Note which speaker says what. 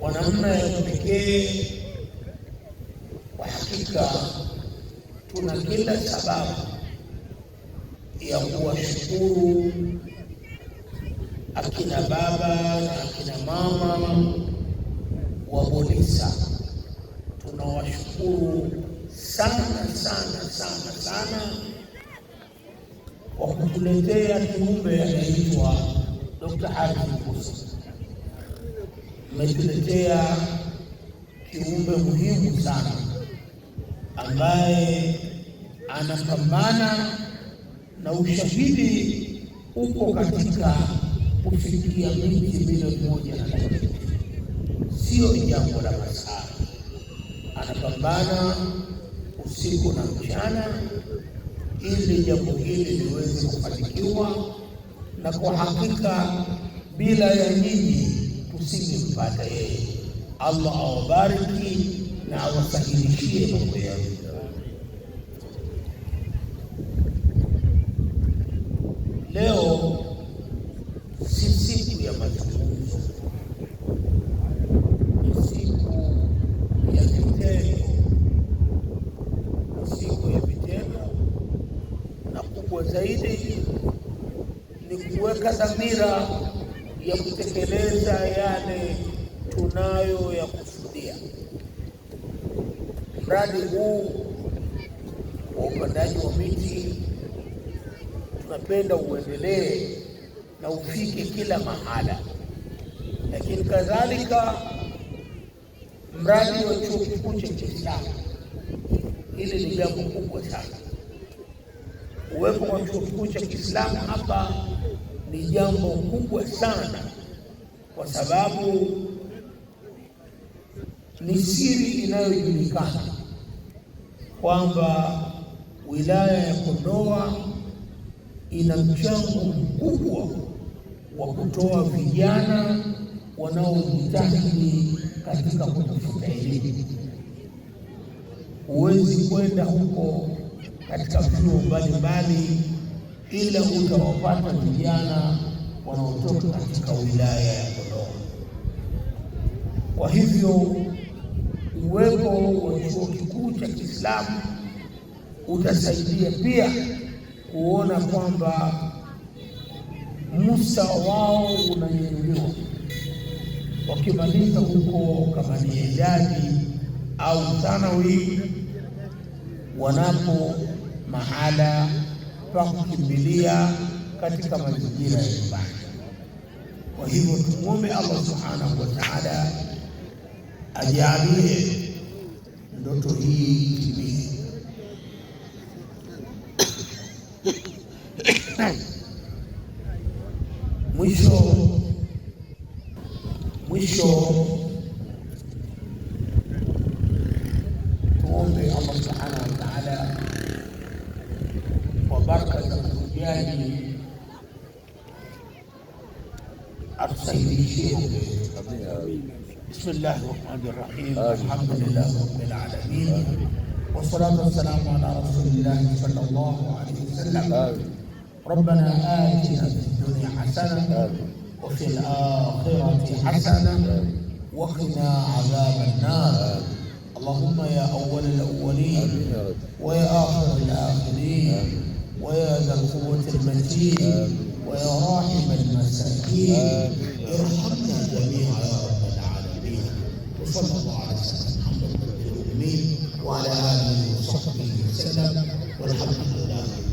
Speaker 1: kwa namna ya kipekee. Kwa hakika tuna kila sababu ya kuwashukuru akina baba na akina mama wa BOLISA. Tunawashukuru sana sana sana sana kwa kutuletea kiumbe anaitwa Dr. Haji mkusa umetuletea kiumbe muhimu sana ambaye anapambana na ushahidi uko katika kufikia miji milioni moja na laki, sio jambo la masaa. Anapambana usiku na mchana ili jambo hili liweze kufanikiwa, na kwa hakika bila ya nyinyi usingimpata yeye. Allah awabariki na awasahilishie mambo ya Leo si siku ya mazungumzo, ni siku ya vitendo, siku ya vitendo, na kubwa zaidi ni kuweka dhamira ya kutekeleza yale tunayo ya kusudia. Mradi huu wa upandaji wa miti tunapenda uendelee na ufike kila mahala, lakini kadhalika mradi wa chuo kikuu cha Kisasa, hili ni jambo kubwa sana. Uwepo wa chuo kikuu cha Kiislamu hapa ni jambo kubwa sana, kwa sababu ni siri inayojulikana kwamba wilaya ya Kondoa ina mchango mkubwa wa kutoa vijana wanaojitahidi katika kutafuta elimu. Huwezi kwenda huko katika vyuo mbalimbali ila utawapata vijana wanaotoka katika wilaya ya Dodoma. Kwa hivyo uwepo wa chuo kikuu cha Kiislamu utasaidia pia kuona kwamba Musa wao unanyanyuliwa wakimaliza huko kama ni idadi au sanawi, wanapo mahala pa kukimbilia katika mazingira ya nyumbani. Kwa hivyo tumwombe Allah subhanahu wa taala ajalie ndoto hii timie. mwisho mwisho وبركة وجاهه أفسديهم بسم الله الرحمن الرحيم آه، الحمد لله رب العالمين والصلاة والسلام على رسول الله صلى الله عليه وسلم ربنا آتنا في الدنيا حسنة وفي الآخرة حسنة وقنا عذاب النار اللهم يا أول الأولين ويا آخر الآخرين ويا ذا القوة المتين ويا راحم المساكين ارحمنا جميعا يا رب العالمين وصلى الله على سيدنا محمد وعلى آله وصحبه وسلم والحمد لله